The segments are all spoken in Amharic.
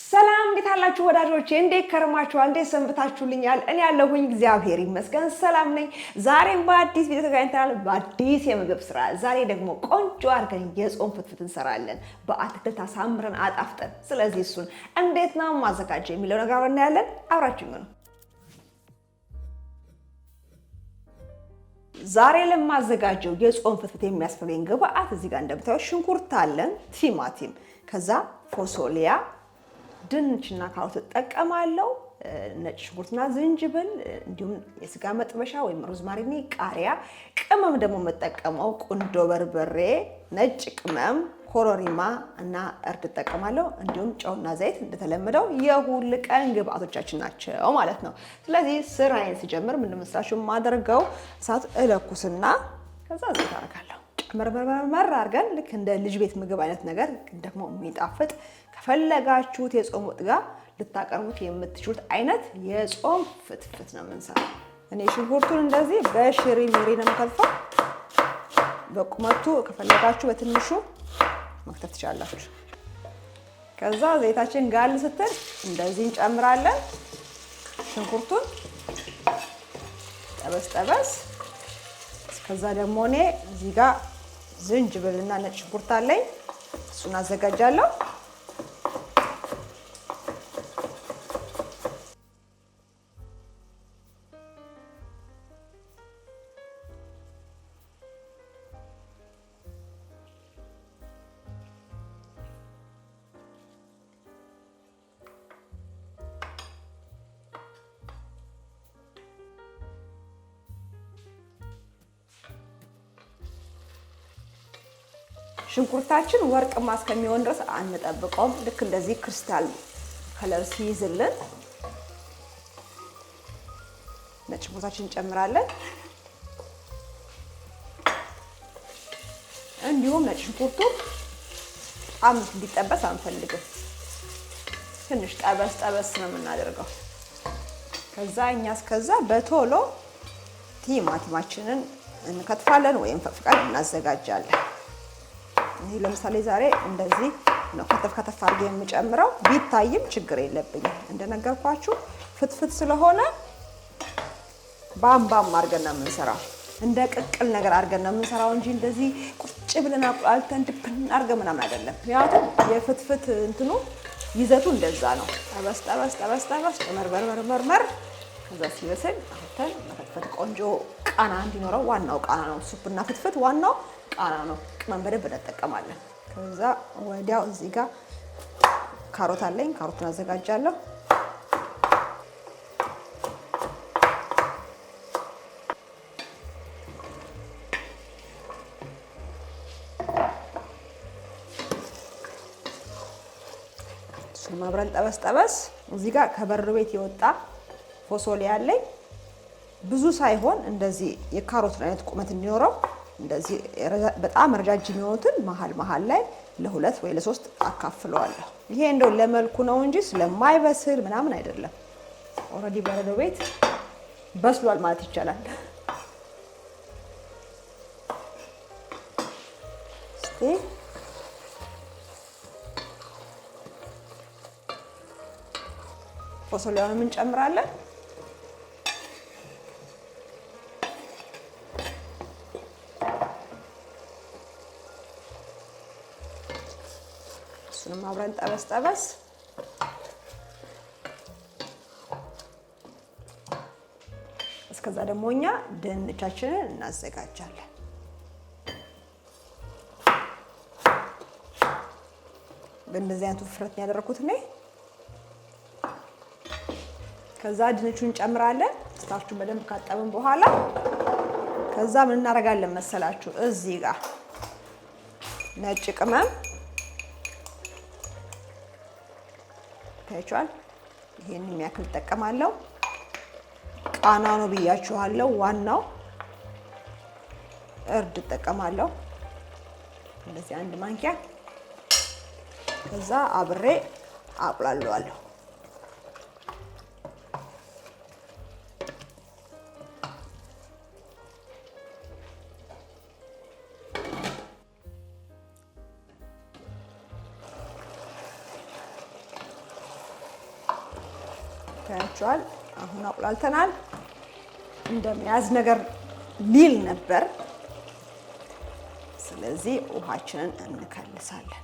ሰላም እንዴት አላችሁ ወዳጆቼ? እንዴት ከርማችኋል? እንዴት ሰንብታችሁልኛል? እኔ ያለሁኝ እግዚአብሔር ይመስገን ሰላም ነኝ። ዛሬም በአዲስ ቪዲዮ ተገናኝተናል፣ በአዲስ የምግብ ስራ። ዛሬ ደግሞ ቆንጆ አድርገን የጾም ፍትፍት እንሰራለን፣ በአትክልት አሳምረን አጣፍጠን። ስለዚህ እሱን እንዴት ነው ማዘጋጀው የሚለው ነገር እናያለን። አብራችሁኝ ነው ዛሬ ለማዘጋጀው የጾም ፍትፍት የሚያስፈልገኝ ግብአት እዚህ ጋር እንደምታዩት ሽንኩርት አለን፣ ቲማቲም፣ ከዛ ፎሶሊያ ድንችና ካሮት እጠቀማለሁ። ነጭ ሽንኩርትና ዝንጅብል እንዲሁም የስጋ መጥበሻ ወይም ሮዝማሪኒ፣ ቃሪያ። ቅመም ደግሞ የምጠቀመው ቁንዶ በርበሬ፣ ነጭ ቅመም፣ ኮረሪማ እና እርድ እጠቀማለሁ። እንዲሁም ጨውና ዘይት እንደተለመደው የሁል ቀን ግብአቶቻችን ናቸው ማለት ነው። ስለዚህ ስራዬን ስጀምር ምንድን መስላችሁ የማደርገው እሳት እለኩስና ከዛ ዘይት አደርጋለሁ። ጨመር መርመር አድርገን ልክ እንደ ልጅ ቤት ምግብ አይነት ነገር ደግሞ የሚጣፍጥ ከፈለጋችሁት የጾም ወጥ ጋር ልታቀርቡት የምትችሉት አይነት የጾም ፍትፍት ነው የምንሰራው። እኔ ሽንኩርቱን እንደዚህ በሽሪ ምሪ ነው የምከትፈው። በቁመቱ ከፈለጋችሁ በትንሹ መክተፍ ትችላላችሁ። ከዛ ዘይታችን ጋል ስትል እንደዚህ እንጨምራለን። ሽንኩርቱን ጠበስ ጠበስ። ከዛ ደግሞ እኔ እዚህ ጋር ዝንጅብልና ነጭ ሽንኩርት አለኝ፣ እሱን አዘጋጃለሁ። ሽንኩርታችን ወርቅማ እስከሚሆን ድረስ አንጠብቀውም። ልክ እንደዚህ ክርስታል ከለር ሲይዝልን ነጭ ሽንኩርታችን እንጨምራለን። እንዲሁም ነጭ ሽንኩርቱ ጣም እንዲጠበስ አንፈልግም። ትንሽ ጠበስ ጠበስ ነው የምናደርገው። ከዛ እኛ እስከዛ በቶሎ ቲማቲማችንን እንከትፋለን ወይም ፈቅፍቀን እናዘጋጃለን። እዚህ ለምሳሌ ዛሬ እንደዚህ ነው ከተፍ ከተፍ አድርጌ የምጨምረው። ቢታይም ችግር የለብኝም። እንደነገርኳችሁ ፍትፍት ስለሆነ ባምባም አድርገን ነው የምንሰራው። እንደ ቅቅል ነገር አድርገን ነው የምንሰራው እንጂ እንደዚህ ቁጭ ብለን አቁላልተን ድብን አድርገን ምናምን አይደለም። ምክንያቱም የፍትፍት እንትኑ ይዘቱ እንደዛ ነው። ጠበስ ጠበስ ጠበስ ጠበስ ጨመርመርመርመር እዛ ሲበስል ከተን መፈትፈት ቆንጆ ቃና እንዲኖረው ዋናው ቃና ነው። ሱፕና ፍትፍት ዋናው ቃና ነው። ቅመም በደንብ እንጠቀማለን። ከዛ ወዲያው እዚህ ጋር ካሮት አለኝ። ካሮትን አዘጋጃለሁ። እሱን አብረን ጠበስ ጠበስ። እዚህ ጋር ከበር ቤት የወጣ ፎሶሊያ ያለኝ ብዙ ሳይሆን እንደዚህ የካሮትን አይነት ቁመት እንዲኖረው እንደዚህ በጣም ረጃጅም የሆኑትን መሀል መሀል ላይ ለሁለት ወይ ለሶስት አካፍለዋለሁ። ይሄ እንደው ለመልኩ ነው እንጂ ስለማይበስል ምናምን አይደለም። ኦልሬዲ በረዶ ቤት በስሏል ማለት ይቻላል። እስቲ ፎሶሊያውንም እንጨምራለን። እሱንም አብረን ጠበስ ጠበስ እስከዛ ደግሞ እኛ ድንቻችንን እናዘጋጃለን። በእንደዚህ አይነቱ ፍረት ያደረኩት እኔ። ከዛ ድንቹን እንጨምራለን። ስታርቹን በደንብ ካጠብን በኋላ ከዛ ምን እናደርጋለን መሰላችሁ እዚህ ጋር ነጭ ቅመም ይታያችኋል። ይሄን የሚያክል እጠቀማለሁ። ቃና ነው ብያችኋለሁ። ዋናው እርድ እጠቀማለሁ። እንደዚህ አንድ ማንኪያ። ከዛ አብሬ አቁላለዋለሁ። አይታያቸዋል። አሁን አቁላልተናል። እንደመያዝ ነገር ሊል ነበር። ስለዚህ ውሃችንን እንከልሳለን።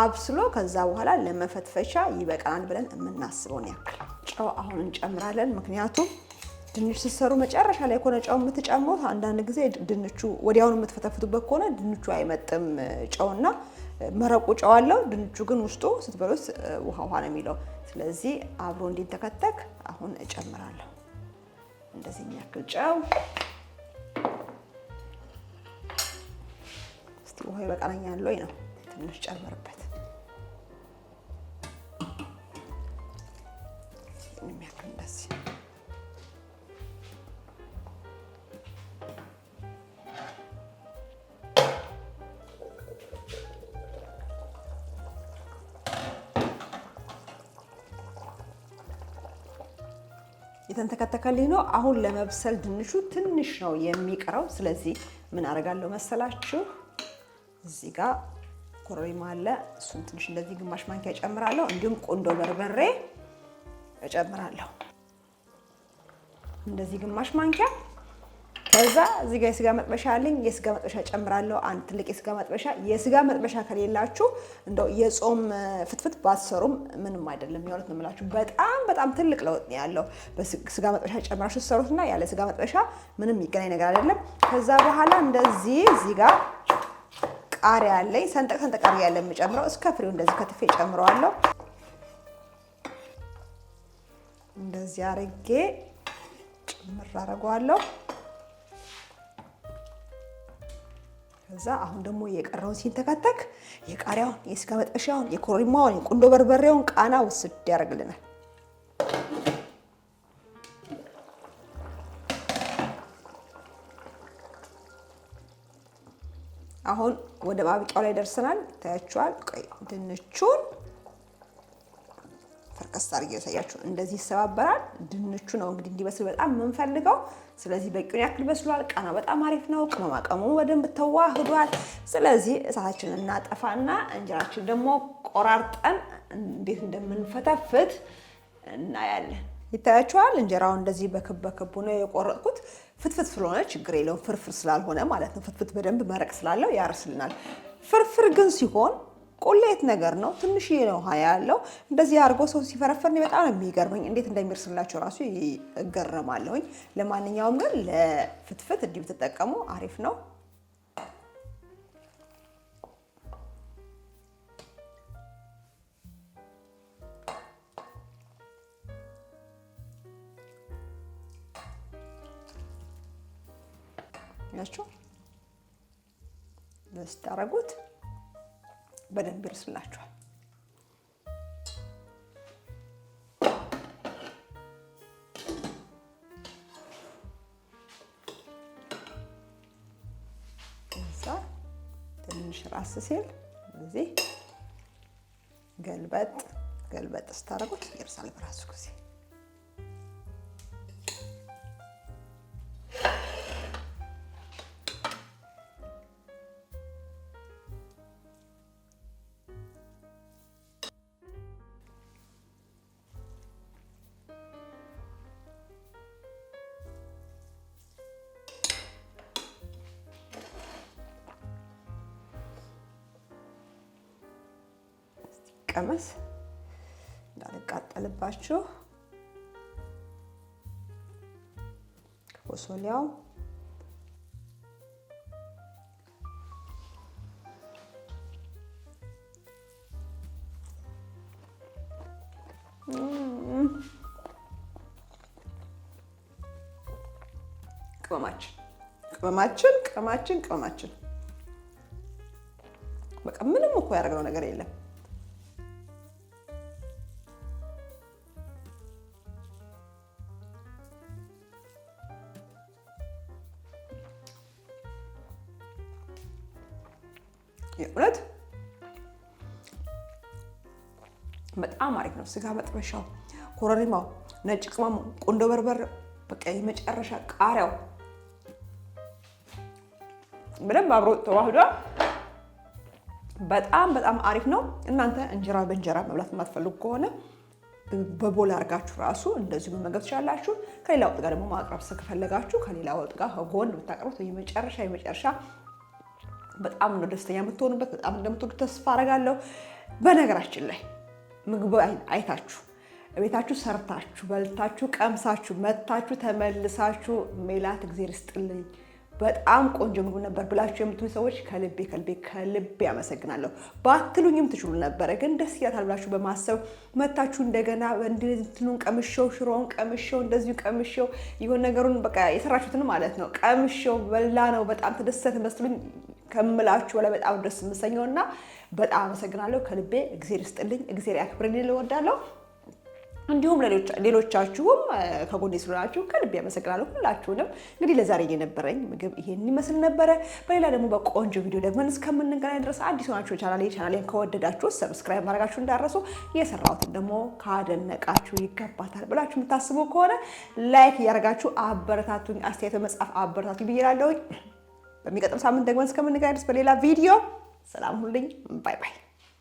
አብስሎ ከዛ በኋላ ለመፈትፈቻ ይበቃናል ብለን የምናስበውን ያክል ጨው አሁን እንጨምራለን። ምክንያቱም ድንች ስትሰሩ መጨረሻ ላይ ከሆነ ጨው የምትጨምሩት አንዳንድ ጊዜ ድንቹ ወዲያውኑ የምትፈተፍቱበት ከሆነ ድንቹ አይመጥም ጨውና መረቁ ጨው አለው። ድንቹ ግን ውስጡ ስትበሉት ውሃ ውሃ ነው የሚለው። ስለዚህ አብሮ እንዲንተከተክ አሁን እጨምራለሁ እንደዚህ የሚያክል ጨው። እስቲ ውሃ ይበቃለኛል ወይ ነው ትንሽ ጨምርበት የተንተከተከልኝ ነው። አሁን ለመብሰል ድንሹ ትንሽ ነው የሚቀረው። ስለዚህ ምን አደርጋለሁ መሰላችሁ? እዚህ ጋር ኮረሪማ አለ። እሱን ትንሽ እንደዚህ ግማሽ ማንኪያ እጨምራለሁ። እንዲሁም ቆንዶ በርበሬ እጨምራለሁ እንደዚህ ግማሽ ማንኪያ ከዛ እዚህ ጋር የስጋ መጥበሻ አለኝ። የስጋ መጥበሻ ጨምራለሁ። አንድ ትልቅ የስጋ መጥበሻ። የስጋ መጥበሻ ከሌላችሁ እንደው የጾም ፍትፍት ባትሰሩም ምንም አይደለም። የሆነት ነው የምላችሁ። በጣም በጣም ትልቅ ለውጥ ነው ያለው በስጋ መጥበሻ ጨምራችሁ ሰሩትና ያለ ስጋ መጥበሻ ምንም የሚገናኝ ነገር አይደለም። ከዛ በኋላ እንደዚህ እዚህ ጋር ቃሪያ አለኝ። ሰንጠቅ ሰንጠቅ ቃሪያ ያለ የምጨምረው እስከ ፍሬው እንደዚህ ከትፌ ጨምረዋለሁ። እንደዚህ አርጌ ጭምር አረገዋለሁ። እዛ አሁን ደግሞ የቀረውን ሲንተከተክ የቃሪያውን፣ የስጋ መጠሻውን የኮሪማውን፣ የቁንዶ በርበሬውን ቃና ውስድ ያደርግልናል። አሁን ወደ ማብቂያው ላይ ደርሰናል። ታያችኋል። ድንቹን ፈርቀስ አድርጌ ያሳያችሁ። እንደዚህ ይሰባበራል። ድንቹ ነው እንግዲህ እንዲበስል በጣም የምንፈልገው። ስለዚህ በቂውን ያክል በስሏል። ቃናው በጣም አሪፍ ነው። ቅመማ ቅመሙ በደንብ ተዋህዷል። ስለዚህ እሳታችንን እናጠፋና እንጀራችን ደግሞ ቆራርጠን እንዴት እንደምንፈተፍት እናያለን። ይታያችኋል። እንጀራው እንደዚህ በክብ በክቡ ነው የቆረጥኩት። ፍትፍት ስለሆነ ችግር የለውም ፍርፍር ስላልሆነ ማለት ነው። ፍትፍት በደንብ መረቅ ስላለው ያርስልናል። ፍርፍር ግን ሲሆን ቁሌት ነገር ነው። ትንሽዬ ነው ውሃ ያለው። እንደዚህ አድርጎ ሰው ሲፈረፈር በጣም የሚገርመኝ እንዴት እንደሚርስላቸው ራሱ እገረማለሁኝ። ለማንኛውም ግን ለፍትፍት እንዲህ ብትጠቀሙ አሪፍ ነው። ያቸው ስታረጉት በደንብ ይርስላችኋል። እዛ ትንሽ ራስ ሲል እዚህ ገልበጥ ገልበጥ ስታደርጉት ይርሳል በራሱ ጊዜ መቀመስ እንዳልቃጠልባችሁ ፎሶሊያው ቅመማችን ቅመማችን ቅመማችን ቅመማችን በቃ ምንም እኮ ያደረግነው ነገር የለም። ነው። ስጋ መጥበሻው፣ ኮረሪማው፣ ነጭ ቅመሙ፣ ቆንዶ በርበር፣ በቃ የመጨረሻ ቃሪያው ምንም አብሮ ተዋህዷል። በጣም በጣም አሪፍ ነው። እናንተ እንጀራ በእንጀራ መብላት የማትፈልጉ ከሆነ በቦል አድርጋችሁ ራሱ እንደዚሁ መመገብ ትችላላችሁ። ከሌላ ወጥ ጋር ደግሞ ማቅረብ ስከፈለጋችሁ ከሌላ ወጥ ጋር ጎን ብታቀርቡት የመጨረሻ የመጨረሻ በጣም ነው ደስተኛ የምትሆኑበት። በጣም እንደምትወዱ ተስፋ አደርጋለሁ። በነገራችን ላይ ምግብ አይታችሁ ቤታችሁ ሰርታችሁ በልታችሁ ቀምሳችሁ መታችሁ ተመልሳችሁ ሜላት እግዜር ይስጥልኝ በጣም ቆንጆ ምግብ ነበር ብላችሁ የምትሉ ሰዎች ከልቤ ከልቤ ከልቤ አመሰግናለሁ። ባትሉኝም ትችሉ ነበረ፣ ግን ደስ ይላታል ብላችሁ በማሰብ መታችሁ እንደገና እንትኑን ቀምሼው፣ ሽሮውን ቀምሼው፣ እንደዚሁ ቀምሼው፣ ይሁን ነገሩን በቃ የሰራችሁትን ማለት ነው ቀምሼው በላ ነው በጣም ተደሰት መስሉኝ ከምላችሁ በላይ በጣም ደስ የምሰኘው እና በጣም አመሰግናለሁ ከልቤ። እግዜር ይስጥልኝ፣ እግዜር ያክብርልኝ እወዳለሁ። እንዲሁም ሌሎቻችሁም ከጎኔ ስለሆናችሁ ከልቤ አመሰግናለሁ ሁላችሁንም። እንግዲህ ለዛሬ የነበረኝ ምግብ ይሄን ይመስል ነበረ። በሌላ ደግሞ በቆንጆ ቪዲዮ ደግሞ እስከምንገናኝ ድረስ አዲስ ሆናችሁ ቻናሌ ቻናሌን ከወደዳችሁ ሰብስክራይብ ማድረጋችሁ እንዳረሱ፣ የሰራሁትን ደግሞ ካደነቃችሁ ይገባታል ብላችሁ የምታስቡ ከሆነ ላይክ እያደረጋችሁ አበረታቱኝ። አስተያየት በመጻፍ አበረታቱኝ ብዬላለሁኝ። በሚቀጥለው ሳምንት ደግሞ እስከምንገናኝ ድረስ በሌላ ቪዲዮ ሰላም ሁልኝ። ባይ ባይ።